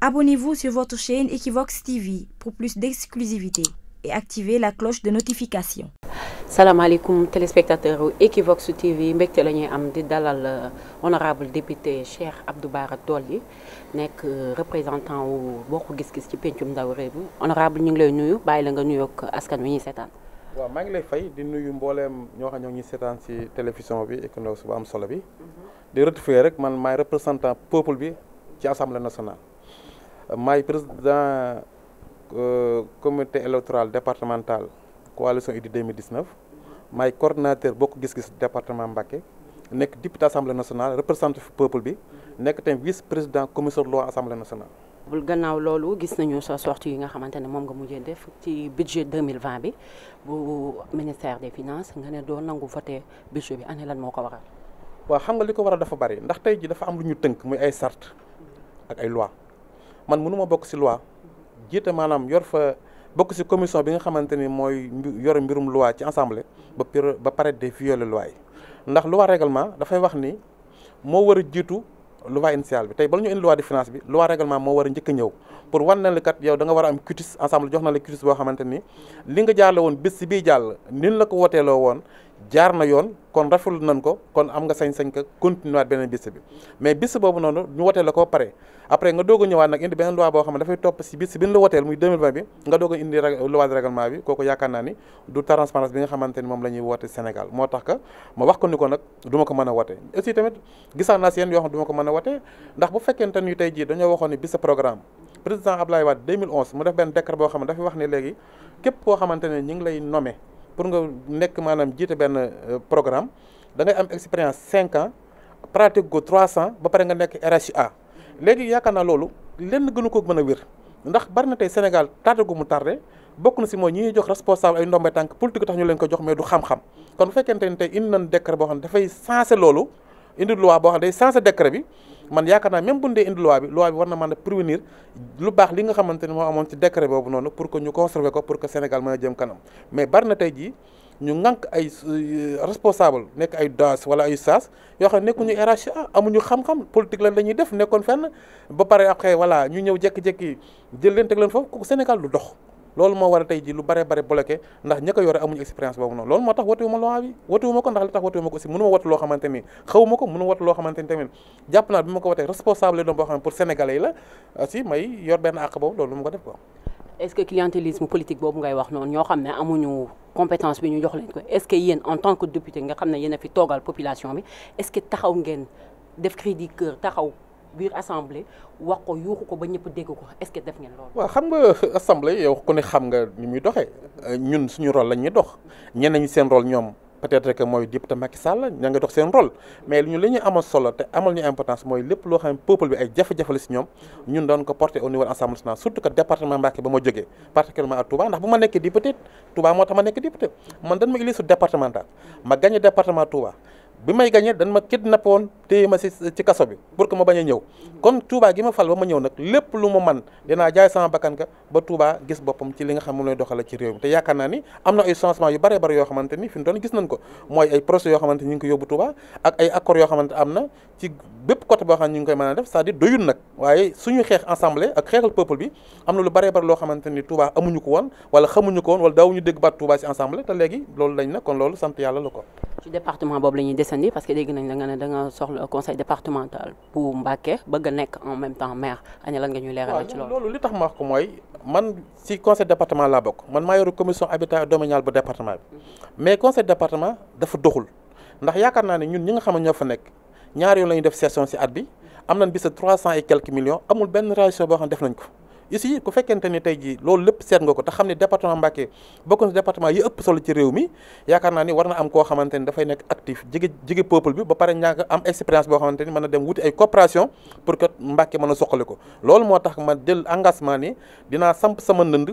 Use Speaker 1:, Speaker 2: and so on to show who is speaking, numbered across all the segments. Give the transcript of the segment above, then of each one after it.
Speaker 1: Abonnez-vous sur votre chaîne Equivox TV pour plus d'exclusivité et activez la cloche de notification. salaamaaleykum téléspectateur u Equivox TV mbégte la ñuy am di dalal euh, honorable député Cheikh Abdou Bara Dolly nekk euh, représentant wu bokk gis-gis ci pencum ndaw réew mi honorable ñu ngi lay nuyu bàyyi la nga nuyoog askan wi ñuy seetaan.
Speaker 2: waaw maa ngi lay fay di nuyu mbooleem ñoo xam ñoo ngi seetaan ci télévision bi économie bu am solo bi. Mhm. di retouffé rek man maay représentant peuple bi ci assemblée nationale. maay président euh, comité électoral départemental coalition Idy 2019 maay boo bokk gis-gis département Mbacké nekk député assemblée nationale représentant fi peuple bi nekk tamit vice président commissaire loi assemblée nationale.
Speaker 1: bul gannaaw loolu gis nañu sa sortie yi nga xamante ne moom nga mujjee def ci budget 2020 bi bu ministère des finances nga ne doo nangu voté budget bi année lan moo ko waral.
Speaker 2: waaw xam nga li ko waral dafa bari ndax tey ji dafa am lu ñu tënk muy ay sart ak ay loi man mënu bokk si loi jiite maanaam yor fa bokk si commission bi nga xamante ni mooy yor mbirum loi ci assemblée ba pire ba pare de violer loi ndax loi règlement dafay wax ni moo war a jiitu loi initiale bi tey bala ñu indi loi de finance bi loi règlement moo war a njëkk a ñëw pour wan na kat yow da nga war a am cutis ensemble jox na la cutis boo xamante ni li nga jàll woon bés si bii jàll nin la ko woteeloo woon jaar na yoon kon rafetlu nañ ko kon am nga sañ-sañ ka continuer beneen bis bi mais bis boobu noonu ñu wotee la ko pare après nga doog a ñëwaat nag indi boo xam ne dafay topp si bis bi ñu la woteel a indi loi de règlement bi moom la ñuy woote Sénégal moo tax que ma ko ni ma ko mën a wote aussi tamit gisaa naa si yoo xam du a wote ndax bu fekkente ni tey jii dañoo waxoon ni bis programme président Abdoulaye Wade 2011 mu def benn décret boo xam ne dafay wax ne léegi képp koo xamante ne ñu ngi lay nommé pour nga nekk maanaam jiite benn euh, programme da am expérience cinq ans pratique gu trois cent ba pare nga nekk RHA léegi yaakaar naa loolu lenn gënu ko mën a wér ndax bari na tey Sénégal tardé gu mu tardé bokk na si mooy ñi ñuy jox responsable ay ndombay tànk politique tax ñu leen ko jox mais du xam-xam kon bu fekkente ni tey indi nañ décret boo xam ne dafay sensé loolu. indi loi boo xam day sans décret bi man yaakaar naa même bu dee indi loi bi loi bi war na mën a prévenir lu baax li nga xamante ne moo amoon ci décret boobu noonu pour que ñu conserver ko pour que Sénégal mën a jëm kanam mais barina tey jii ñu ŋànk ay euh, responsable nekk ay DAS wala ay SAS yoo xam ne nekkuñu RHA amuñu xam-xam politique lan la def nekkoon fenn ba pare après voilà ñu ñëw jékki-jékki jël leen teg leen foofu kooku Sénégal lu dox. loolu moo war a tey ji lu bare bare bloqué ndax ña ko yore amuñu expérience boobu noonu loolu moo tax wotiwuma loi bi wotiwuma ko ndax li tax wotiwuma ko aussi ni xaw ma ko mënu ma wotu loo xamante ni tamit jàpp naa bi ko watee responsable doon euh, may yor benn àq boobu loolu lu ko def quoi est-ce
Speaker 1: que clientélisme politique boobu ngay wax noonu ñoo xam ne amuñu compétence bi ñu jox leen ko est-ce que yéen en tant que député nga xam ne yéen a fi toogal population bi est-ce que taxaw ngeen def cri du taxaw biir assemblée wax ko yuuxu ko ba ñëpp dégg ko est-ce que def ngeen loolu.
Speaker 2: waaw xam nga euh, assemblée yow ku ne xam nga ni muy doxee euh, ñun suñu rôle la ñuy dox ñeneen ñi seen rôle ñoom. peut-être mooy député Macky Sall ña loo xam ne peuple bi ay jafe-jafe la si ñoom ñun doon ko porter au niveau Assemblée nationale surtout que département Mbacké ba ma jógee particulièrement à Touba ndax bu ma nekkee député Touba moo tax ma nekk député man dañ ma élu su départemental ma bi may gagné dañ ma kidnappé woon téye ma si ci kaso bi pour que ma bañ a ñëw kon Touba gi ma fal ba ma ñëw nag lépp lu mu man dinaa jaay sama bakkan ka ba Touba gis boppam ci li nga xam moom doxale ci réew mi te yaakaar naa ni am na ay changement yu bare bare yoo xamante ni fi mu doon gis nañ ko mooy ay procès yoo xamante ni ñu ngi ko yóbbu Touba ak ay accords yoo xamante am na ci bépp côté boo xam ne ñu koy mën a def c'est-à-dire nag waaye suñu xeex ensemble am na lu bare bare ko ko woon wala daawuñu dégg baat Touba si ensemble te léegi loolu lañ na kon loolu ko
Speaker 1: desandi parce que dégg nañ la soxla conseil départemental bu Mbacké bëgg a nekk en même temps maire ana nga ñuy leeral ci loolu.
Speaker 2: li tax ma wax ko mooy man si conseil département laa bokk man maa yoru commission habitat domaniale bu département bi mm-hmm. mais conseil département dafa doxul ndax yaakaar naa ne ñun ñi nga xam ñoo fa nekk ñaar yoon la def session si at bi am nañ bis trois cent et quelques millions amul benn réaction boo xam def nañ ici ku fekkente ni tey jii loolu lépp seet nga ko te xam ne département Mbacké bokk na département yi ëpp solo ci réew mi yaakaar naa ni war na am koo xamante ni dafay nekk actif jege jege peuple bi ba pare ñàkk am expérience boo xamante ni mën na dem wuti ay coopération pour que Mbacké mën a soqali ko loolu moo tax ma jël engagement ni dinaa samp sama ndënd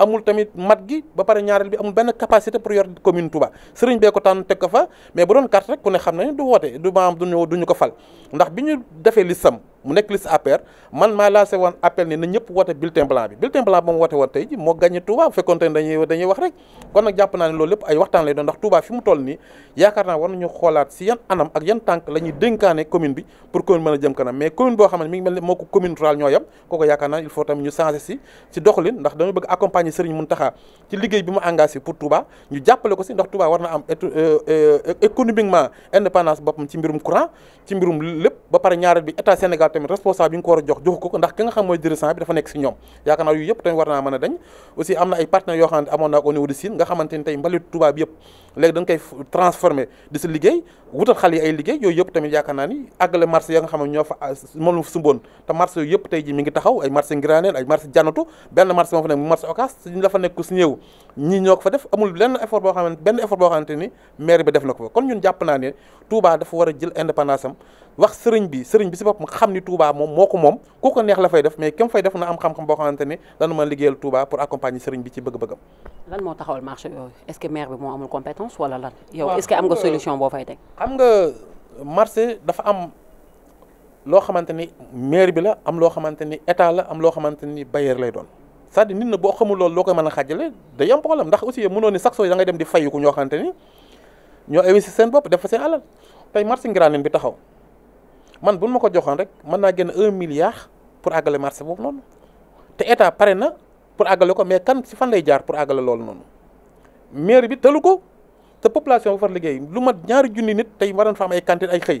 Speaker 2: amul tamit mat gi ba pare ñaareel bi amul benn capacité pour yor commune Touba sëriñ bee ko tànn teg ko fa mais bu doon carte rek ku ne xam na ne du woote du maam du ñu ko fal ndax bi ñu defee listam mu nekk liste APR man maa lancé woon appel ni na ñëpp wote bulletin blanc bi bulletin blanc ba mu wote woon tey moo gagné Touba bu dañuy wax rek kon nag jàpp ne loolu lépp ay waxtaan lay doon ndax Touba fi mu toll nii yaakaar naa war nañu xoolaat si yan anam ak yan tànk la ñuy dénkaane commune bi pour commune mën a jëm kanam mais commune boo xam ne mi ngi mel ne moo ko commune rurale ñoo yem kooku yaakaar naa il faut tamit ñu changé si si doxalin ndax dañu ci liggéey bi mu engagé pour Touba ñu jàppale ko si ndax yaakaar tamit responsable yi nga ko a jox jox ko ndax ki nga xam mooy dirigeant bi dafa nekk si ñoom yaakaar yu yëpp tamit war na ay partenaires yoo xam ne amoon naa ko au niveau de Sine nga xamante ni tey mbalit ne ñoo fa moom la fa sumboon te marché ngi taxaw ay marché ngiraneen ay marché jannatu benn marché moo fa nekk marché Ocass la fa si ñëw ñii ñoo fa def amul benn effort boo xamante benn effort boo def na fa kon ñun jàpp naa ne Touba dafa war a jël indépendance am wax sëriñ bi sëriñ bi si bopp xam ni Touba moom moo ko moom ku ko neex la fay def mais kem fay def na am xam-xam boo xamante ne dana mën liggéeyal Touba pour accompagner sëriñ bi ci bëgg-bëggam.
Speaker 1: lan moo taxawal marché yooyu
Speaker 2: est-ce que maire bi moo amul compétence am nga solution dafa am loo xamante ni maire bi la am loo xamante ni état la am loo xamante ni bailleur lay doon. cest à nit na boo xamul loolu loo koy mën a xàjjale day am problème ndax aussi mënoon ni sax sooy da ngay dem di fay fayu ko ñoo xamante ni ñoo investir seen bopp def fa seen alal tey marché bi taxaw man bu nu ma ko joxoon rek mën naa génn un milliard pour àggale marché boobu noonu te état pare na pour àggale ko mais kan si fan lay jaar pour àggale loolu noonu maire bi tëlu ko te population bu far liggéey lu mat ñaari junni nit tey waroon fa am ay cantine ay xëy.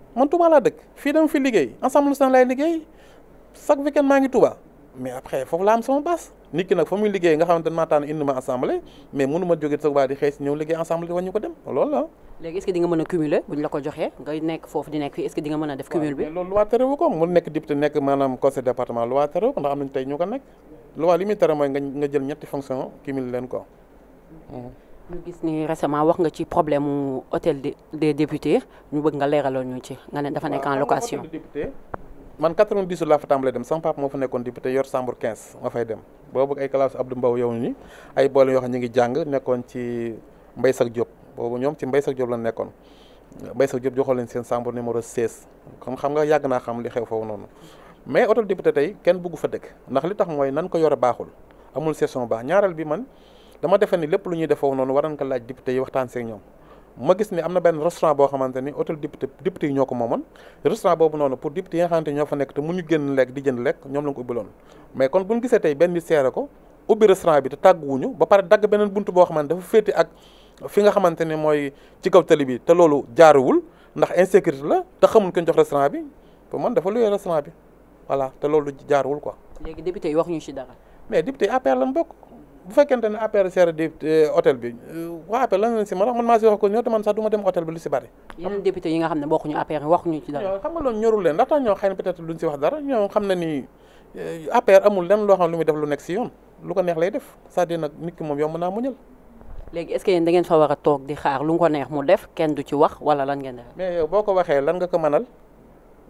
Speaker 2: man Touba laa dëkk fii dama fi liggéey ensemble national laay liggéey chaque weekend maa ngi Touba mais après foofu laa am sama base nit ki nag fa muy liggéey nga xamante ne maa taan ma assemblée mais mënu ma jóge a cumuler bu ñu la ko joxee nga nekk foofu di nekk fii est di nga mën a def cumul bi. loolu loi terewu ko mu nekk député nekk maanaam conseil département loi terewu ko ndax am nañu tey ñu ko nekk loi li muy tere mooy nga jël ñetti fonction cumul leen ko mm-hmm. ñu
Speaker 1: gis ni récemment wax nga ci problème hôtel des députés ñu bëgg nga leeraloon ñu ci nga ne dafa nekk location.
Speaker 2: man 90 laa fa tàmbalee dem sama papa nekkoon député yor chambre 15 ma fay dem boobu ay classe Abdou Mbow yow ni ay boole yoo ñu ngi jàng nekkoon ci Mbaye Sakh Diop boobu ñoom ci Mbaye Sakh Diop la nekkoon Mbaye Sakh Diop joxoon leen seen chambre numéro 16 comme xam nga yàgg naa xam li xew foofu noonu mais hôtel député tey kenn bëggu fa dëkk ndax li tax mooy nan ko yore baaxul amul session baax bi man. dama defe ni lépp lu ñuy defoo noonu war nañ ko laaj député yi waxtaan seeg ñoom ma gis ni am na benn restaurant boo xamante ni hôtel député député yi ñoo ko moomoon restaurant boobu noonu pour député yi nga xamante ñoo nekk te mënuñu génn lekk di jënd lekk ñoom la ko ubbiloon mais kon buñu gisee tey benn nit seere ko ubbi restaurant bi te tàgguwuñu ba pare dagg beneen bunt boo xamante dafa féete ak fi nga xamante ne mooy ci kaw tali bi te loolu jaaruwul ndax insécurité la te xamul ko jox restaurant bi pour man dafa luyee restaurant bi voilà te loolu jaaruwul quoi. léegi député yi waxuñu ci dara. mais député APR lañ bokk. bu fekkente ne APR seere di hôtel bi euh, waa APR lan si mën a man maa si wax ko ñëw te man sax ma dem hôtel bi lu si bari. yeneen nga xam ne bokkuñu APR waxuñu ci dara. xam nga loolu ñorul leen ndax tax ñoo xëy na peut-être duñ si euh, lu muy def lu nekk si lu ko neex lay def cest à nag nit ki moom yomb naa muñal. léegi est-ce que ngeen fa war a
Speaker 1: toog di xaar lu ko neex mu
Speaker 2: def kenn du ci wax wala lan ngeen def. mais yow boo ko waxee lan nga ko mënal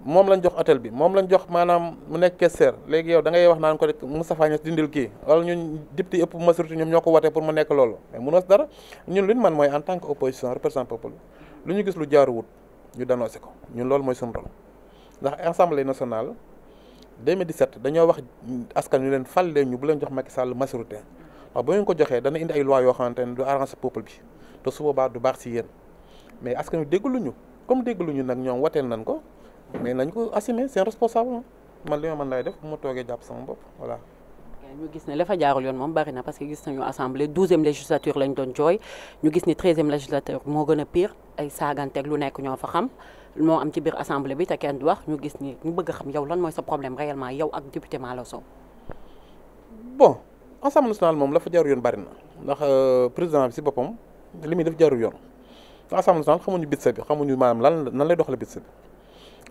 Speaker 2: moom lañu jox hôtel bi moom lañ jox maanaam mu nekk questeur léegi yow da ngay wax naan ko rek Moustapha Niass dindil kii wala ñun député ëpp majorité ñoom ñoo ko wote pour mu nekk loolu mais mënoos dara ñun luñ man mooy en tant que opposition représentant lu ñu gis lu jaaruwut ñu dénoncé ko ñun loolu mooy suñu rôle ndax assemblée nationale 2017 dañoo wax askan yu leen fal leen ñu bu leen jox Macky Sall majorité wax ba ñu ko joxee dana indi ay loi yoo xamante ne du arrange peuple bi te su boobaa du baax si yéen mais askan yu déggaluñu comme déggaluñu nag ñoom wateel nañ ko mais nañ ko assumer seen responsable man li ma mën laay def bu ma toogee jàpp sama bopp voilà.
Speaker 1: ñu gis ne lafa fa jaarul yoon moom bari na parce que gis nañu assemblée douzième législature lañ doon jooy ñu gis ni treizième législature moo gën a pire ay saaganteeg lu nekk ñoo fa xam moo am ci biir assemblée bi te kenn du wax ñu gis ni ñu bëgg xam yow lan mooy sa problème réellement yow ak député Malaw Sow.
Speaker 2: bon assemblée nationale moom la fa jaarul yoon bari na ndax euh, président bi si boppam li muy def jaarul yoon assemblée nationale xamuñu bitse bi xamuñu maanaam lan nan lay doxalee bitse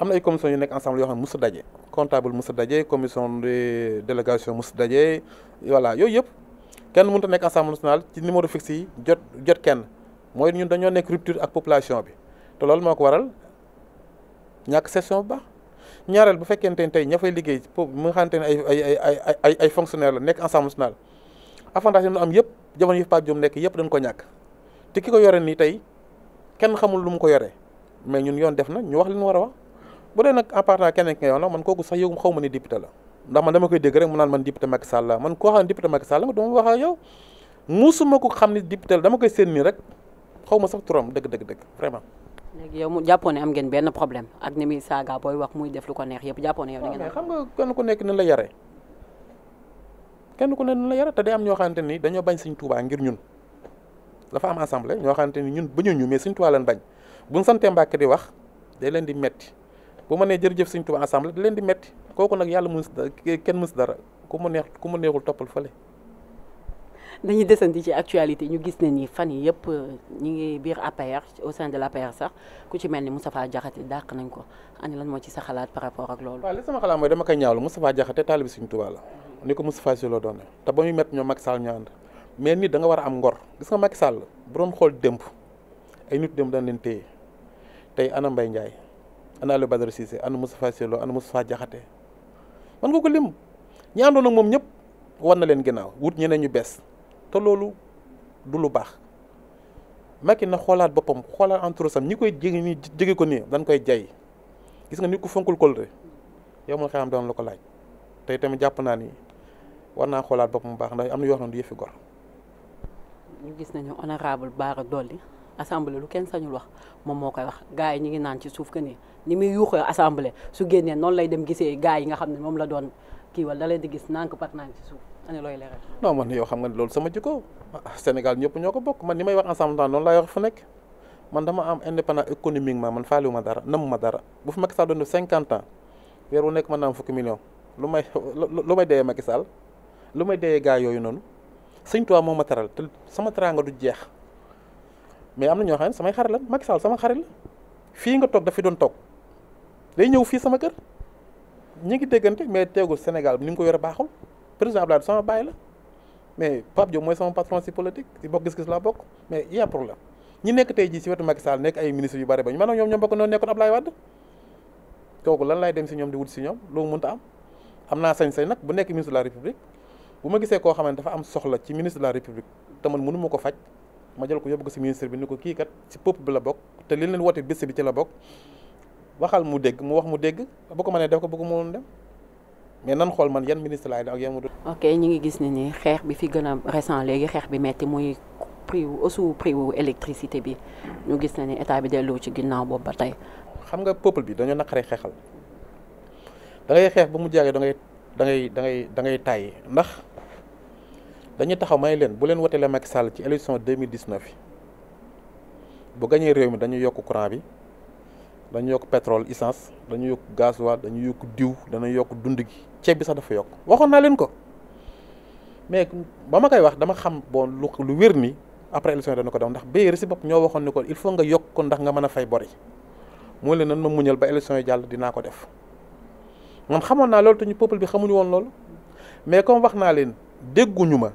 Speaker 2: am na ay commission yu nekk ensemble yoo xam ne musu daje comptable musu daje commission de délégation musu daje voilà yooyu yëpp kenn mun a nekk ensemble national ci numéro fixe yi jot jot kenn mooy ñun dañoo nekk rupture ak population bi te loolu moo ko waral ñàkk session ba ñaareel bu fekkente ne tey ña fay liggéey foofu mu nga xamante ay ay ay ay ay fonctionnaire la nekk ensemble national avantage yi am yëpp jamono yi Pape nekk yëpp dañ ko ñàkk te ki ko yore nii tey kenn xamul lu mu ko yore mais ñun yoon def na ñu wax li ñu war a wax. bu dee nag en partant keneen ki nga man kooku sax yow xaw ma ne la ndax man koy dégg rek mu naan man député Macky Sall la man koo xam ne député Macky Sall la dama ko xam ne député la dama koy séen nii rek xaw ma sax turam dëgg dëgg dëgg vraiment.
Speaker 1: léegi mu jàppoon ne am ngeen benn problème ak ni
Speaker 2: muy saaga booy wax muy def lu ko neex yëpp jàppoon ne yow. da ngeen xam nga kenn ku nekk ni la yare kenn ku nekk ni la yare te day am ñoo xamante ni dañoo bañ Sëñ tubaa ngir ñun dafa am assemblée ñoo xamante ni ñun bañu ñu mais Sëñ Tuubaa leen bañ buñ santee Mbàkke di wax day leen di metti bu ma nee jërëjëf Sëriñ Tuubaa ensemble da leen di metti kooku nag yàlla mënus kenn mënus dara ku mu neex ku mu neexul toppal fële.
Speaker 1: dañuy desandi ci actualité ñu gis ne nii fan yi yëpp euh, ñu ngi biir APR au sein de l'APR sax ku ci mel ni Moustapha Diakhaté dàq nañ ko ani lan moo ci sa xalaat par rapport ak loolu. waaw
Speaker 2: li sama xalaat mooy dama koy ñaawlu Moustapha Diakhaté taalibi Sëriñ Tuubaa la ni ko Moustapha Sy la doone te ba muy métti ñoom Macky Sall ñu ànd mais nit da nga war a am ngor gis nga Macky Sall bu doon xool démb ay nit démb dañ leen téye tey ana Ndiaye ana Aliou Badara Cissé ana Moustapha Cissé Lo ana Moustapha Diakhaté man nga ko lim ñi àndoon ak moom ñëpp war na leen ginnaaw wut ñeneen ñu bees te loolu du lu baax Macky na xoolaat boppam xoolaat entourage ñi koy jege nii jege ko nii dañ koy jay gis nga nit ku fonkul kóllëre yow ma xam daan la ko laaj tey tamit jàpp naa ni war naa xoolaat boppam baax ndax am na yoo xam ne du yëfi gor.
Speaker 1: ñu gis nañu honorable Bara Dolly assemblée lu kenn sañul wax moom moo koy wax gars yi ñu ngi naan ci suuf que ni ni muy yuuxoo assemblée su génnee noonu lay dem gisee gars yi nga xam ne moom la doon kii wala da leen di gis nànk pat nànk ci suuf ani nga
Speaker 2: ne loolu sama jikko Sénégal ñëpp ñoo ko bokk man ni may wax ensemble temps noonu laay wax fu nekk man dama am indépendant économiquement man faaliwu ma dara namu ma dara bu fi Macky Sall doon def cinquante ans weer wu nekk mën naa am fukki million lu may lu may deyee Macky Sall lu may deyee gars yooyu noonu sëñ Tuubaa moo ma taral te sama teraanga du jeex mais am na ñoo xam ne samay xarit la Macky Sall sama xarit la fii nga toog dafi doon toog day ñëw fii sama kër ñu ngi déggante mais teegul Sénégal ni mu ko yore baaxul président Abdoulaye sama bàyyi la mais Pape Diop mooy sama patron si politique si bokk gis-gis laa bokk mais y a problème ñi nekk tey jii si wetu Macky Sall nekk ay ministre yu bari ba ñu maanaam ñoom ñoom bokk noonu nekkoon Abdoulaye Wade kooku lan laay dem si ñoom di wut si ñoom loolu mënta am am naa sañ-sañ nag bu nekk ministre de la République bu ma gisee koo xamante dafa am soxla ci ministre la République te man ko faj ma jël ko yóbbu ko si ministre bi ni ko kii kat si peuple bi la bokk te li leen woote bés bi ci la bokk waxal mu dëgg mu wax mu dégg bu ko mënee def ko bu ko mënoon dem mais nan xool man yan ministre laay def ak yan mu.
Speaker 1: ok ñu ngi gis ni ni xeex bi fi gën a récent léegi xeex bi metti muy prix wu aussi prix
Speaker 2: wu électricité bi ñu gis na ni état bi delloo ci ginnaaw boobu ba tey. xam nga peuple bi dañoo naqaree xeexal da xeex ba mu jaagee da ngay da ngay da ngay da ndax. dañu taxaw may leen bu leen wotelee Macky Sall ci élection 2019 yi bu gañee réew mi dañu yokk courant bi dañu yokk pétrole essence dañu yokk gasoil dañu yokk diw dana yokk dund gi ceeb bi sax dafa yokk waxoon naa leen ko mais ba ma koy wax dama xam bon lu lu wér ni après élection dana ko def ndax béykat si bopp ñoo waxoon ni ko il faut nga yokk ko ndax nga mën a bori moo leen nan ma muñal ba élection yi jàll dinaa ko def man xamoon naa loolu te ñu peuple bi xamuñu woon loolu mais comme wax naa leen dégguñu ma.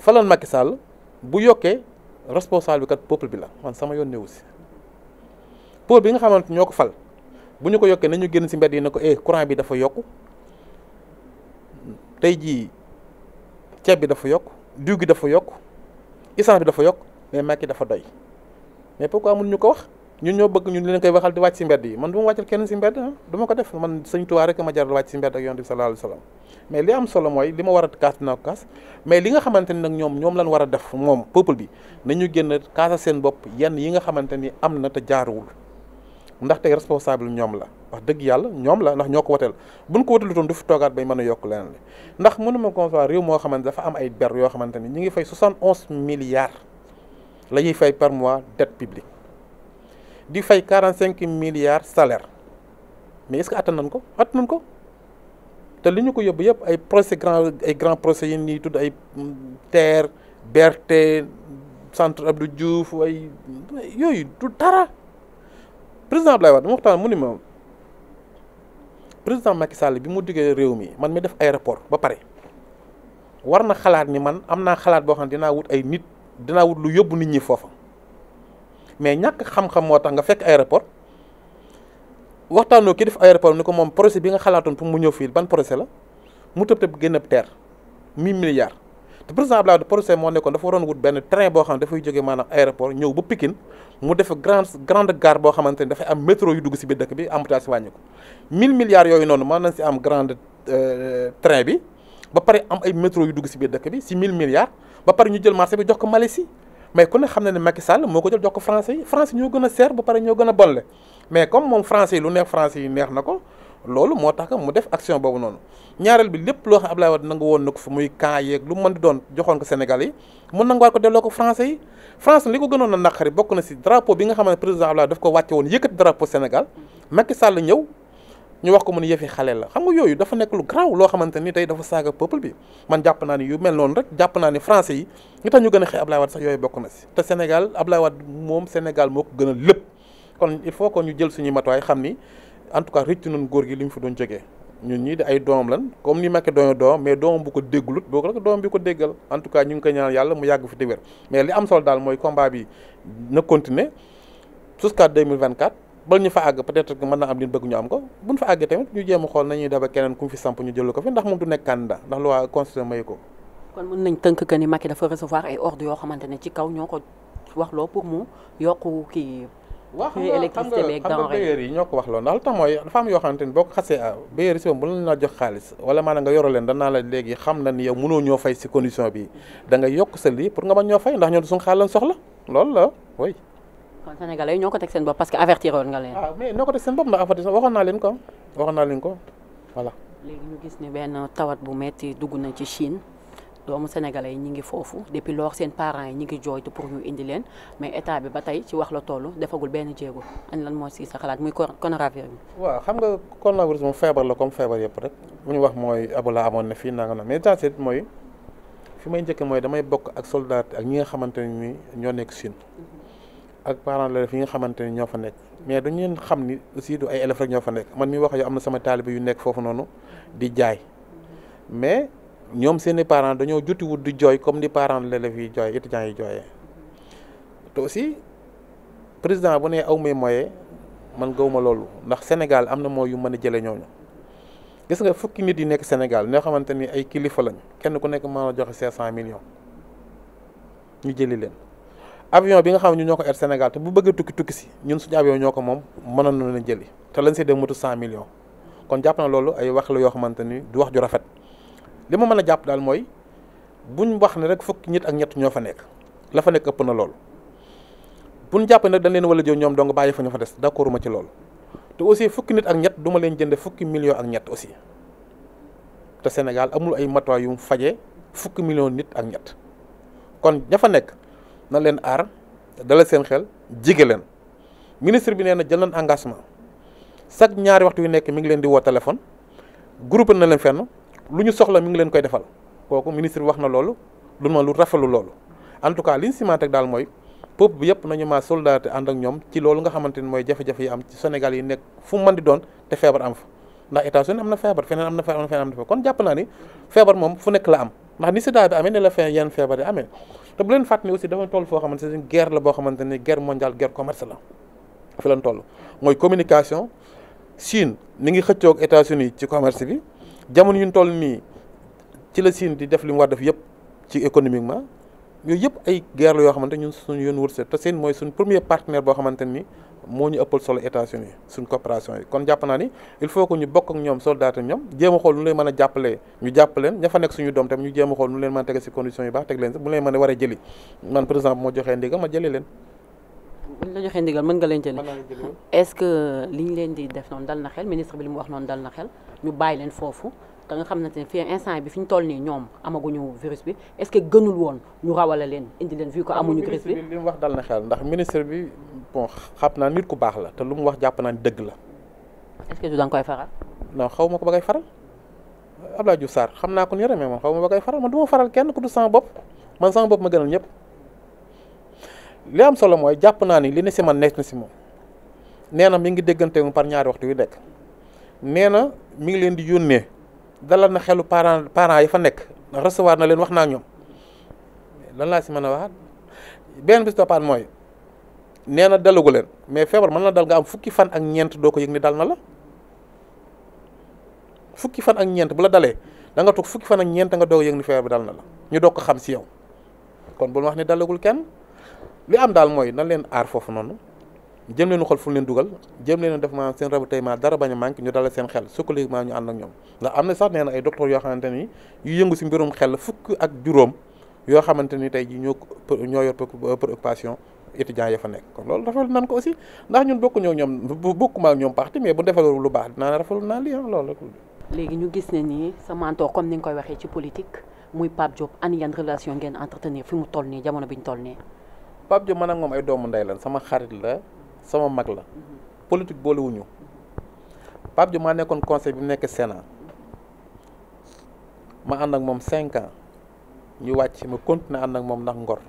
Speaker 2: falan Macky Sall bu yokkee responsable bi kat peuple bi la man sama yoon newu si peuple bi nga xamante ñoo ko fal bu ñu ko yokkee ñu génn si mbedd yi ne ko eh courant bi dafa yokk tey jii ceeb bi dafa yokk diw gi dafa yokk essence bi dafa yokk mais Macky dafa doy mais pourquoi amul ñu ko wax. ñun ñoo bëgg ñun leen koy waxal di wàcc si mbedd yi man du ma wàccal kenn si mbedd du ma ko def man sëñ Tuubaa rek ma jaral wàcc si mbedd ak yonent bi mais li am solo mooy li ma war a kaas na ko kaas mais li nga xamante ni nag ñoom ñoom lan war a def moom peuple bi nañu génn kaasa seen bopp yenn yi nga xamante ni am na te jaaruwul ndax tey responsable ñoom la wax dëgg yàlla ñoom la ndax ñoo ko wateel buñ ko watalu toon du fi toogaat bay mën a yokk leneen li ndax mënuma concevoir réew moo xamante dafa am ay ber yoo xamante ni ñu ngi fay 71 milliards la ñuy fay par mois dette publique di fay quarante cinq milliards salaire mais est-ce que attan nañ ko attan nañ ko te li ñu ko yóbbu yëpp ay procès grand ay grand procès yi nii tudd ay TER BRT centre Abdou Diouf ay yooyu du dara président Abdoulaye Wade waxtaan mu ni ma président Macky Sall bi mu diggee réew mi man mi def aéroport ba pare war na xalaat ni man am naa xalaat boo xam ne dinaa wut ay nit dinaa wut lu yóbbu nit ñi foofa mais ñàkk xam-xam moo tax nga fekk aéroport waxtaanoo ki def aéroport ni ko moom projet bi nga xalaatoon pour mu ñëw fii ban projet la mu tëb tëb génn ab terre mille milliards te président Abdoulaye Wade projet moo nekkoon dafa waroon wut benn train boo xam ne dafay jógee maanaam aéroport ñëw ba Pikine mu def grande grande gare boo xamante ni dafay am métro yu dugg si biir dëkk bi embouteillage si wàññi ko mille milliards yooyu noonu mën nañ si am grande euh, train bi ba pare am ay métro yu dugg si biir dëkk bi si mille milliards ba pare ñu jël marché bi jox ko Malaisie mais ku ne xam na ne Macky Sall moo ko jël jox ko français yi français ñoo gën a seer ba pare ñoo gën a bonle mais comme moom français yi lu neex français yi neex na ko loolu moo tax mu def action boobu noonu ñaareel bi lépp loo xam Abdoulaye Wade nangu woon na ko fi muy camp yeeg lu mën di doon joxoon ko Sénégal yi mu nanguwaat ko delloo ko français yi France li ko gënoon a naqari bokk na si drapeau bi nga xam ne président Abdoulaye daf ko wàcce woon yëkkati drapeau Sénégal Macky Sall ñëw ñu wax ko mun yëfi xale la xam nga yooyu dafa nekk lu garaaw loo xamante ni tey dafa saaga peuple bi man jàpp naa ni yu mel noonu rek jàpp naa ni français yi ñu tax ñu gën a xëy Ablaye Wade sax yooyu bokk na si te Sénégal Ablaye Wade moom Sénégal moo ko gën a lépp kon il faut que ñu jël suñuy matuwaay xam ni en tout cas rëccu nañ góor gi li ñu fi doon jógee ñun ñii di ay doomam lan comme ni Macky doon doomam mais doomam bu ko déggulut boo ko doomam bi ko déggal en tout cas ñu ngi koy ñaan yàlla mu yàgg fi te wér mais li am solo daal mooy combat bi na continuer jusqu'à 2024 ba ñu fa àgg peut-être que a xool ko fi ndax moom du nekk candidat ndax lu waa constitution mayu ko.
Speaker 1: kon mën nañ tënk ni Macky dafa wax loo pour mu yokku kii.
Speaker 2: prix électricité beeg denrée yi ñoo ko wax loo ndax lu tax mooy dafa am yoo xamante ni boo ko xasee ah bailleurs yi si moom xaalis wala maanaam nga yoro leen danaa la léegi xam na yow mënoo ñoo fay si condition bi da yokk sa lii pour nga mën ñoo fay ndax ñoo suñu xaalis lañ soxla loolu la
Speaker 1: kon sénégalais yi ñoo ko teg seen bopp parce que avertir woon nga leen. ah mais ñoo ko teg seen bopp ndax avertir waxoon naa
Speaker 2: leen ko waxoon naa leen ko voilà.
Speaker 1: léegi ñu gis ni benn tawat bu metti dugg na ci Chine doomu sénégalais yi ñu ngi foofu depuis lors seen parents yi ñu ngi jooytu pour ñu indi leen mais état bi ba tey ci wax la toll defagul benn jéego an lan moo si sa xalaat muy coronavirus bi.
Speaker 2: waaw xam nga coronavirus moom feebar la comme feebar yëpp rek bu wax mooy abola amoon na na mais état seet mooy fi may njëkk mooy damay bokk ak soldat ak ñi nga xamante ne ñoo nekk Chine. Mm-hmm. ak parent d'élèves yi nga xamante ne ñoo fa nekk mais dañu leen xam ni aussi du ay élèves rek ñoo fa nekk man mi wax yow am na sama taalibe yu nekk foofu noonu di jaay mais ñoom seeni parent dañoo jutiwut di jooy comme ni parents d'élèves yi jooy étudiants yi jooyee te aussi président bu ne aw may moyee man gawma loolu ndax Sénégal am na mooy yu mën a jëlee ñooñu gis nga fukki nit yi nekk Sénégal ñoo xamante ni ay kilifa lañ kenn ku nekk mën a joxe 500 millions ñu jëli leen. avion bi nga xam ne ñoo ko Air Sénégal te bu bëgg a tukki tukki si ñun suñu avion ñoo ko moom mënoon nañu jëli te lañ see dem motu cent millions kon jàpp na loolu ay wax la yoo xamante ni du wax ju rafet li ma mën a jàpp daal mooy buñ wax ne rek fukki nit ak ñett ñoo fa nekk la nekk ëpp na loolu buñ jàpp ne dañ leen wala jëw ñoom dong bàyyi fa ñu fa des d'accord ma ci loolu te aussi fukki nit ak ñett du leen jënde fukki millions ak ñett aussi te Sénégal amul ay matuwaay yu mu fajee fukki millions nit ak ñett kon ña nekk. na leen aar dalal seen xel jige leen ministre bi nee na jël nañ engagement chaque ñaari waxtu yu nekk mu ngi leen di woo téléphone groupe na leen fenn lu ñu soxla mi ngi leen koy defal kooku ministre bi wax na loolu lu ma lu rafetlu loolu en tout cas li ñu simantek daal mooy peuple bi yëpp nañu maa soldaate ànd ak ñoom ci loolu nga xamante ni mooy jafe-jafe yi am ci Sénégal yi nekk fu mën di doon te feebar am fa ndax États-Unis am na feebar feneen am na feebar feneen kon jàpp naa ni feebar moom fu nekk la am ndax ni sida bi ne la fee yenn feebar yi amee te bu leen fàtt ne aussi dafa toll foo xamante ne guerre la boo xamante ne guerre mondiale guerre commerce la fi leen toll mooy communication Chine ni ngi xëccoog États-Unis ci commerce bi jamono yu ñu toll nii ci la Chine di def li mu war def yëpp ci économiquement yooyu yëpp ay guerre la yoo xamante ñun suñu yoon wërsëg te seen mooy suñu premier partenaire boo xamante ni moo ñu ëppal solo États-Unis suñ coopération yi kon jàpp naa ni il faut que ñu bokk ak ñoom soldat ak ñoom jéem a xool nu lay mën a jàppalee ñu jàpp leen ña fa nekk suñu doom tam ñu jéem a xool nu leen mën a tege si conditions yu baax teg leen bu leen mën a war a jëli man par exemple moo joxee ndigal ma jëli leen
Speaker 1: buñ la joxee ndigal mën nga leen jëli est-ce que li ñu leen di def noonu dal na xel ministre bi li mu wax noonu dal na xel ñu bàyyi le foofu ka nga xamante ne fii instant bi fi ñu toll nii ñoom amaguñu virus bi est-ce que gënul woon ñu rawale leen indi leen vu ko amuñu virus bi li
Speaker 2: mu wax dal na xel ndax ministre bi bon xam naa nit ku baax la te lu mu wax jàpp naa ni dëgg la est-ce que du danga koy faral non xaw ma ko ba koy faral Abdoulaye Diouf Sarr xam naa ko nii rek man xaw ma ba koy faral man du ma faral kenn ku du sama bopp man sama bopp ma gënal ñëpp li am solo mooy jàpp naa ni li ne si man nekk na si moom nee na mi ngi déggante par ñaari waxtu yu nekk nee na mi ngi leen di yónnee dalal na xelu parents parent yi fa nekk recevoir na leen wax naa ñoom lan laa si mën a waxaat benn bis toppaat mooy nee na dalagu leen mais feebar mën na dal nga am fukki fan ak ñeent doo ko yëg ni dal na la fukki fan ak ñeent bu la dalee fukki fan ak ñeent nga doog yëg ni feebar bi dal na la ñu doog ko xam si yow kon bu ñu wax ni dalagul kenn li am daal mooy na leen aar foofu noonu. jëm leen xool fu leen dugal jëm leen def maanaam seen ravitaillement dara bañ a manqué ñu dalal seen xel psychologiquement ñu ànd ak ñoom ndax am fukk ak juróom xamante ni tey jii ñoo ñoo yor préoccupation étudiants ya fa nekk kon loolu rafetlu nan ko aussi ndax ñun bokkuñoo ak ñoom bokkuma ak ñoom parti mais bu defaloo lu baax dinaa ne rafetlu naa lii ah loolu rek. léegi ñu gis ne nii sa mentor comme ni koy waxee ci politique
Speaker 1: muy Pape Diop an yan relation ngeen entretenir fi mu toll nii jamono bi ñu toll nii.
Speaker 2: Pape Diop man ak ndey lan sama xarit la sama mag la politique boolewuñu Pape Diop maa nekkoon conseil bi mu nekk Sénat ma ànd ak moom cinq ans ñu wàcc ma continuer ànd ak moom ndax ngor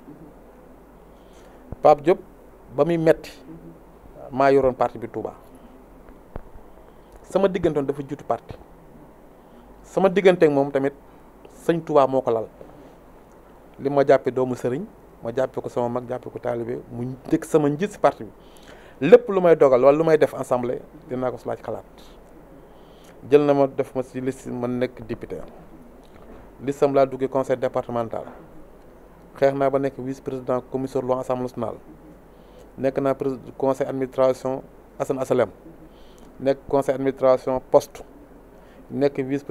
Speaker 2: Pape Diop ba muy metti maa yoroon parti bi Touba sama diggantoon dafa jiitu parti sama digganteek moom tamit sëñ Touba moo ko lal li ma jàppe doomu sëriñ ma jàppe ko sama mag jàppe ko taalibe mu njëkk sama njiit si parti bi lépp lu may dogal wala lu may def assemblée dinaa ko si laaj xalaat jël na ma def ma si liste man nekk député listam laa duggee conseil départemental xeex naa ba nekk vice président commissaire loi assemblée nationale nekk naa président conseil administration Assane Asalem nekk conseil administration poste nekk vice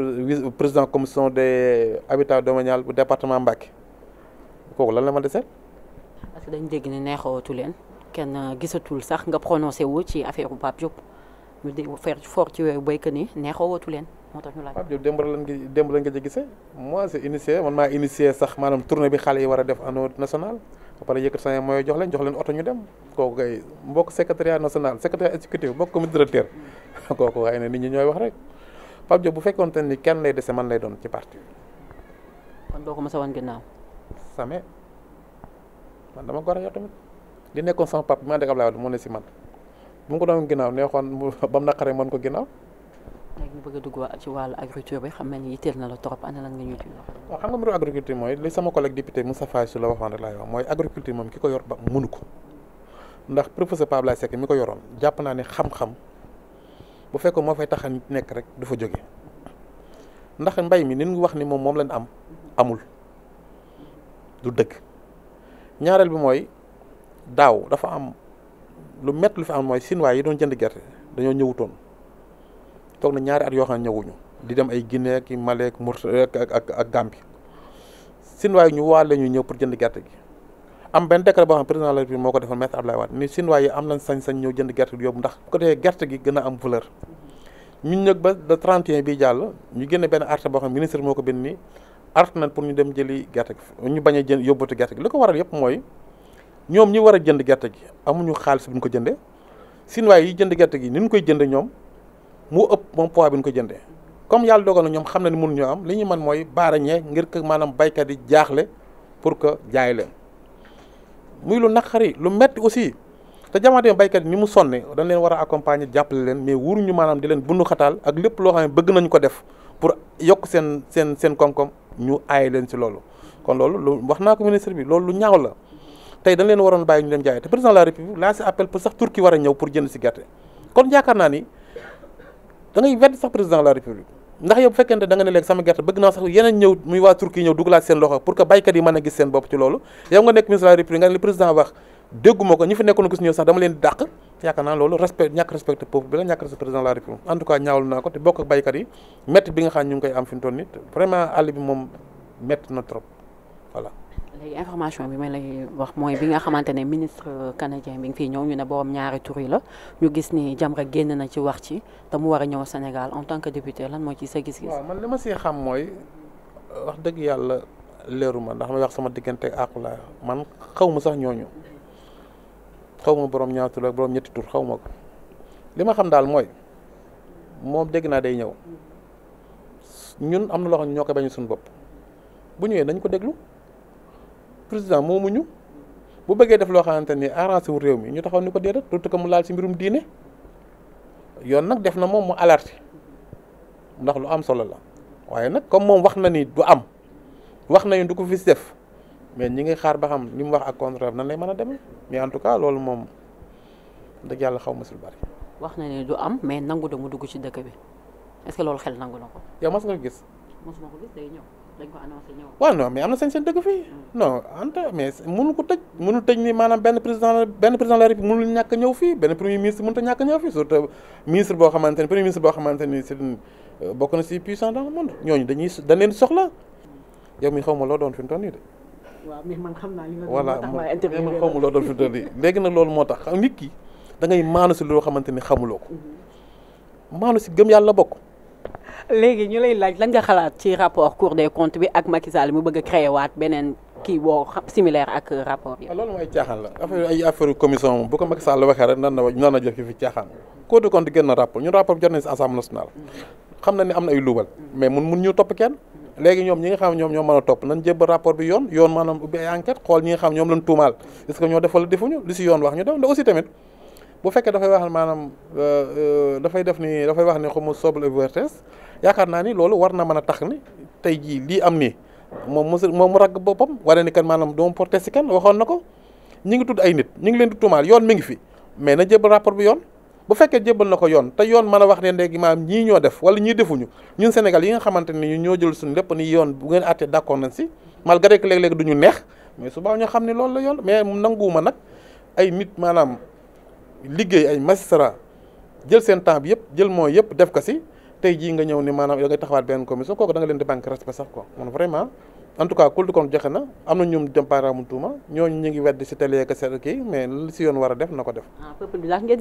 Speaker 2: président commission des habitats domanial bu département Mbacké kooku lan la ma dese.
Speaker 1: parce que dañ dégg ne neexootu leen. kenn gisatul sax nga prononcé wu ci affaire bu Pape Diop ñu di faire fort ci wéyu béykat yi neexoo wootu leen moo tax ñu laaj. Pape
Speaker 2: Diop démb lan nga démb lan nga ci gisee moi c'est initié man maa initié sax maanaam tournée bi xale yi war a def anneau national ba pare yëkkat saa mooy jox jox leen oto ñu dem mbokk secrétariat national secrétaire exécutif mbokk comité directeur kooku waaye ne nit ñi ñooy wax rek Pape bu fekkoon ni kenn lay dese man lay doon ci parti bi. kon doo ko mos a wan ginnaaw. Same man dama gore yow tamit. li nekkoon sama papa bi ma dëgg Ablaye Wade moo ne si man bu mu ko doon ginnaaw neexoon mu naqaree mën ko ginnaaw.
Speaker 1: léegi a dugg ci wàllu agriculture xam na la trop ana lan nga ñuy
Speaker 2: wax. waaw xam nga mbiru agriculture mooy li sama collègue député Moussa Faye su la waxoon rek laay wax mooy agriculture moom ki ko yor ba mënu ko ndax professeur Pape Ablaye Seck mi ko yoroon jàpp naa ne xam-xam bu fekkoon moo fay tax a nekk rek du fa jóge ndax mbay mi ni ñu wax ni moom moom lañ am amul du dëgg ñaareel bi mooy daaw dafa am lu métti lu fi am mooy Chinois yi doon jënd gerte dañoo ñëwutoon toog na ñaari at yoo xam ne ñëwuñu di dem ay Guinée ki Mali ak Mauritanie ak ak ak Gambie Chinois yi ñu waale ñu ñëw pour jënd gerte gi. am benn décret boo xam président la République moo ko defoon maître Abdoulaye Wade ni Chinois yi am nañ sañ-sañ ñëw jënd gerte gi yóbbu ndax bu ko defee gerte gi gën a am valeur ñun nag ba le 31 bi jàll ñu génne benn arrêté boo xam ministre moo ko bind ni arrêté nañ pour ñu dem jëli gerte gi ñu bañ a jënd yóbbatu gerte gi li ko waral yëpp mooy ñoom ñi war a jënd gerte gi amuñu xaalis bi ñu ko jëndee Sinoa yi jënd gerte gi ni ñu koy jëndee ñoom moo ëpp moom poids bi ñu ko jëndee comme yàlla dogal na ñoom xam na ni mënuñu am li ñu mën mooy baarañee ngir que baykat yi jaaxle pour que jaay muy lu naqari lu metti aussi te jamono baykat yi mu sonne dañ leen war a accompagner jàppale leen mais wuruñu maanaam di leen bundu xataal lépp loo xam bëgg nañu ko def pour yokk seen seen seen koom ñu aaye leen ci loolu kon loolu lu wax naa ko ministre bi loolu lu ñaaw la tey dañ leen waroon bàyyi ñu dem jaay te président de la république laa si appel pour sax Turquie war a ñëw pour jënd si gerte kon yaakaar naa ni da wedd sax président la république ndax yow bu fekkente da nga ne léegi sama gerte bëgg naa sax yeneen ñëw muy waa Turquie ñëw dugalaat seen loxo pour que baykat yi mën a gis seen bopp ci loolu yow nga nekk ministre de la république nga ne li président wax dégguma ko ñi fi nekkoon gis sax dama leen di dàq yaakaar naa loolu respect ñàkk respecté peuple bi la ñàkk respecté président de la république en tout
Speaker 1: léegi information bi ma lay wax mooy bi nga xamante ne ministre canadien bi nga fii ñëw ñu ne borom ñaari tur yi la ñu gis ni Jamra génn na ci wax ci te mu war a ñëw Sénégal en tant que député lan moo ci sa gis-gis.
Speaker 2: li ma siy xam mooy wax dëgg yàlla leeru ma ma wax sama diggante àqu man xaw ma sax ñooñu xaw ma borom ñaari tur xaw ma li ma xam daal mooy moom dégg naa day ñëw ñun am na loxo xam ne ñoo ko bañ suñu bopp bu ñëwee nañ ko déglu. président moomu ñu bu bëggee def loo xamante ni arrangé wu réew mi ñu taxaw ni ko déedéet dootu ko mu laal ci mbirum diine yoon nag def na moom mu alerté ndax lu am solo la waaye nag comme moom wax na ni du am wax na nañu du ko fi def mais ñi ngi xaar ba xam ni mu wax ak contraire na lay mën a demee mais en tout cas loolu moom da yàlla xaw ma si lu bari.
Speaker 1: wax na ni du am mais nangu da mu dugg ci dëkk bi
Speaker 2: est loolu xel nangu na ko. yow mas nga gis.
Speaker 1: mas nga ko gis day dañ ko annoncé ñëw.
Speaker 2: waaw non mais am na sañ-sañ dëgg fii. Mm. non Anta mais mënu ko tëj mënu tëj ni maanaam benn président benn président de la République mënul ñàkk ñëw fii benn premier ministre mënut a ñàkk ñëw fii surtout ministre boo xamante ne premier ministre boo xamante ni euh, bokk na si puissant dans le monde ñooñu dañuy dañ leen soxla yow mi xaw ma loo doon fi mu toll nii de. waaw mais man xam naa li nga. voilà man xaw ma loo doon fi mu toll nii léegi nag loolu moo tax nit ki dangay ngay maanu si loo xamante ni xamuloo ko mm-hmm. maanu si gëm yàlla bokk
Speaker 1: léegi ñu lay laaj lan nga xalaat ci rapport Cour des comptes bi ak Macky Sall mu bëgg a créé waat beneen kii boo similaire ak rapport yi. Ah, loolu mooy
Speaker 2: caaxaan la affaire ay affaire commission moom bu ko Macky Sall waxee rek nan na nan na jëf fi caaxaan Cour des comptes génn rapport ñun rapport bi jot nañ si assemblée xam na ne am na ay luubal mais mun mun ñu topp kenn léegi ñoom ñi nga xam ñoom ñoo mën a topp nañ jébbal rapport bi yoon yoon maanaam ubbi ay enquête xool ñi nga xam ñoom lañ tuumaal est-ce que def nda aussi tamit wax maanaam euh, euh, dafay def ni yaakaar naa ni loolu war na mën a tax ni tey jii lii am nii moom mu moom mu ragg boppam wane ni kan maanaam doomu porté si waxoon na ko ñi ngi tudd ay nit ñi ngi leen di tuumaal yoon mi ngi fi mais na jébbal rapport bi yoon bu fekkee jébbal na ko yoon te yoon mën a wax ne léegi maam ñii ñoo def wala ñii defuñu ñun Sénégal yi nga xamante ni ñoo jël suñu lépp ni yoon bu ngeen àttee d'accord si malgré que léeg-léeg du ñu neex mais subaa ñoo xam ne la yoon mais nanguwuma nag ay nit maanaam liggéey ay magistrat jël seen temps bi yëpp jël mooy yëpp def ko si tey maanaam yow ngay taxawaat benn commission kooku da leen di banque respect sax quoi man vraiment en tout cas kul kon joxe na am na ñoom dem tuuma ñooñu ngi wedd si télé ak seet kii mais si yoon war def na ko def. Ah, peuple bi ñu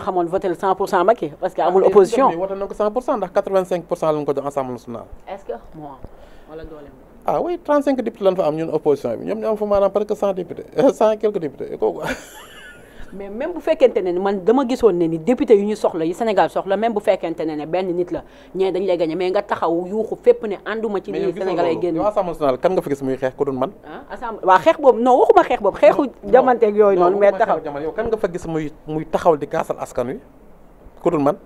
Speaker 2: xamoon voté 100 pour cent Macky parce que ah, amul opposition. voté nañ ko 100 pour cent ndax 85 pour cent lañ ko kooku.
Speaker 1: mais même bu fekkente ne man dama gisoon ne ni député yu ñu soxla yi Sénégal soxla même bu fekkente ne ne benn nit la ñee dañ lay gagné mais nga taxaw yuuxu fépp ne ànduma ci nii Sénégal ay génn yow
Speaker 2: assemblée kan nga fa gis muy xeex ko doon man ah assemblée waaw xeex boobu non waxuma xeex boobu xeexu jamanteeg yooyu noonu mais taxaw yow kan nga fa gis muy muy taxaw di gaasal askan wi ku doon man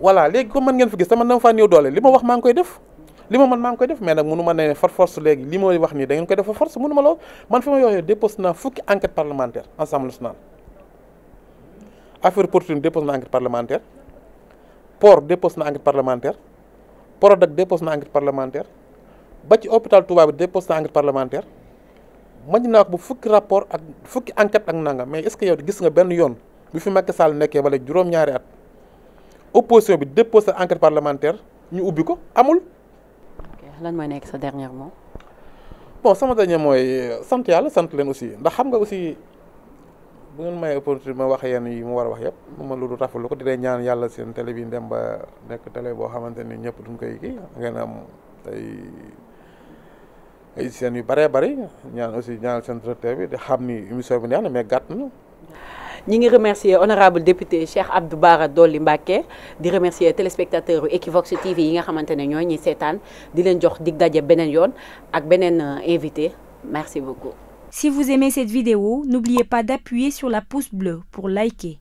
Speaker 2: voilà léegi ko mën ngeen fa gis sama dama faa néew doole li ma wax maa ngi koy def li ma man maa ngi koy def mais nag mënu ma ne far force léegi li ma wax nii da ngeen koy def far force mënu ma lool man fi ma yooyee déposé naa fukki enquête parlementaire Assemblée nationale affaire Petrotim déposé na enquête parlementaire port déposé na enquête parlementaire Prodac déposé na enquête parlementaire ba ci hôpital Touba bi déposé na enquête parlementaire mañ naa ko bu fukki rapport ak fukki enquête ak nanga mais est-ce que yow gis nga benn yoon bi fi Macky Sall nekkee wala juróom-ñaari at opposition bi déposé enquête parlementaire ñu ubbi ko amul
Speaker 1: lan mooy nekk sa dernier mot.
Speaker 2: bon sama dernier mooy euh, sant yàlla sant leen aussi ndax xam nga aussi bu ngeen may opportunité ma wax yenn yi mu war a wax yëpp mu ma lu dul rafetlu ko di leen ñaan yàlla seen télé bi dem ba nekk télé boo xamante ni ñëpp duñ koy kii ngeen am tey ay seen yu bëree bëri ñaan aussi ñaanal seen directeur bi di xam ni émission bi neex na mais gàtt na. ñi ngi remercier honorable député Cheikh Abdou Bara
Speaker 1: Dolly Mbacké di remercier téléspectateurs yu Equivox TV yi nga xamante ne ñooy ñi seetaan di leen jox dig daje beneen yoon ak beneen euh, invité merci beaucoup. Si vous aimez cette vidéo, n'oubliez pas d'appuyer sur la pouce bleue pour liker.